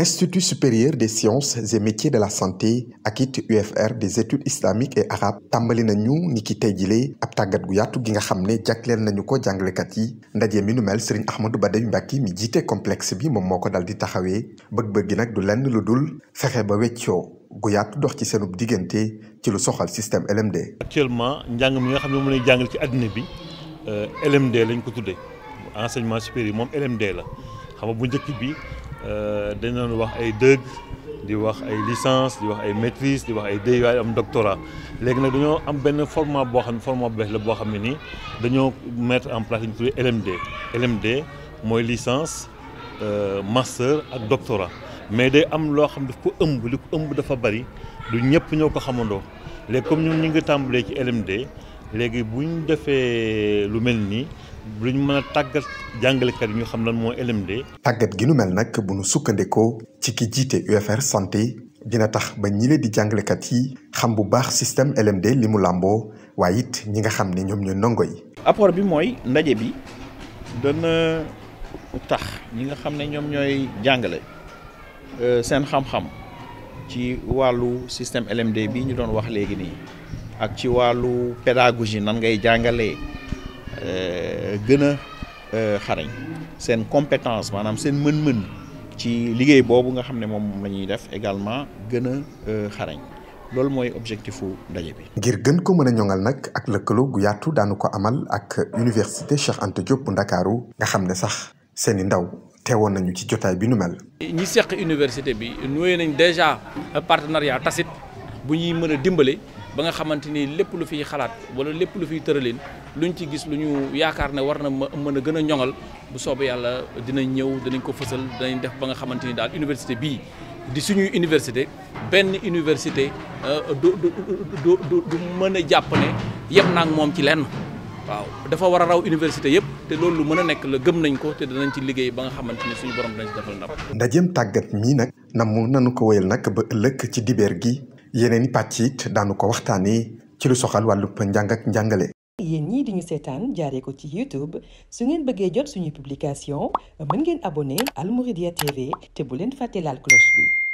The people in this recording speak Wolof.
institut supérieur des sciences et métiers de la santé ak it UFR des études islamiques et arabes tàmbali nañu ni ki tey jilee ab tàggat gu yaatu gi nga xam ne jagleel nañu ko kat yi ndaje mi nu mel Serigne ba Badawi Mbacké mi jiite complexe bi moom moo ko dal di taxawee bëgg-bëgg gi nag du lenn lu dul fexe ba weccoo gu yaatu dox ci seenub diggante ci lu soxal système LMD. actuellement njàng mi nga xam ne moom lay jàngal ci àddina bi euh, LMD lañ ko tuddee enseignement supérieur moom LMD la Euh, dañ doon wax ay dëgg di wax ay licence di wax ay maîtrise di wax ay DUA waaye am doctorat léegi nag dañoo am benn format boo xam ne format bu bees la boo xam ne nii dañoo mettre en place une tuddee LMD LMD mooy licence euh, master ak doctorat mais day am loo xam daf ko ëmb li ko ëmb dafa bari du ñëpp ñoo ko xamandoo léegi comme ñun ñu ngi tàmbalee ci LMD léegi bu ñu defee lu mel nii lu ñu mën a tàggat jàngalekat yi ñu xam lan moo LMD. tàggat gi nu mel nag bu nu sukkandikoo ci ki jiite UFR santé dina tax ba ñi leen di jàngalekat yi xam bu baax système LMD li mu làmboo waaye it ñi nga xam ne ñoom ñooy ndongo yi. apport bi mooy ndaje bi dana tax ñi nga xam ne ñoom ñooy jàngale euh, seen xam-xam ci wàllu système LMD bi ñu doon wax léegi nii. ak ci wàllu pédagogie nan ngay jàngalee euh, gën a euh, xarañ seen compétence maanaam seen mën-mën ci liggéey boobu nga xam ne moom la ñuy def également gën a euh, xarañ loolu mooy objectifu ndaje bi. ngir gën ko mën a ñoŋal nag ak lëkkaloo gu yaatu daanu ko amal ak université Cheikh Anta Diop Ndakaaru nga xam ne sax seeni ndaw teewoon nañu ci jotaay bi nu mel. ñi seq université bi nuye nañ déjà partenariat tacite. bu ñuy mën a dimbale ba nga xamante ni lépp lu fiy xalaat wala lépp lu fiy tëraleen luñ ci gis lu ñu yaakaar ne war na mën a gën a ñoŋal bu soobee yàlla dinañ ñëw danañ ko fësal dinañ def ba nga xamante ni daal université bii di suñuy université benn université euh, du du du mën a jàpp ne yem naa moom ci lenn waaw dafa war a raw université yëpp te loolu lu mën a nekk la gëm nañ ko te danañ ci liggéey ba nga xamante ni suñu borom dinañ ci defal ndam. ndajeem tàggat mii nag. na mu nanu ko nag ba ci dibeer gi. yeneen i pàcc it daanu ko waxtaanee ci lu soxal wàllu njàng ak njàngale. yéen ñii di ñu seetaan jaaree ko ci YouTube su ngeen bëggee jot suñuy publication mën ngeen abonné Al Mouridiyyah TV te bu leen fàtte laal cloche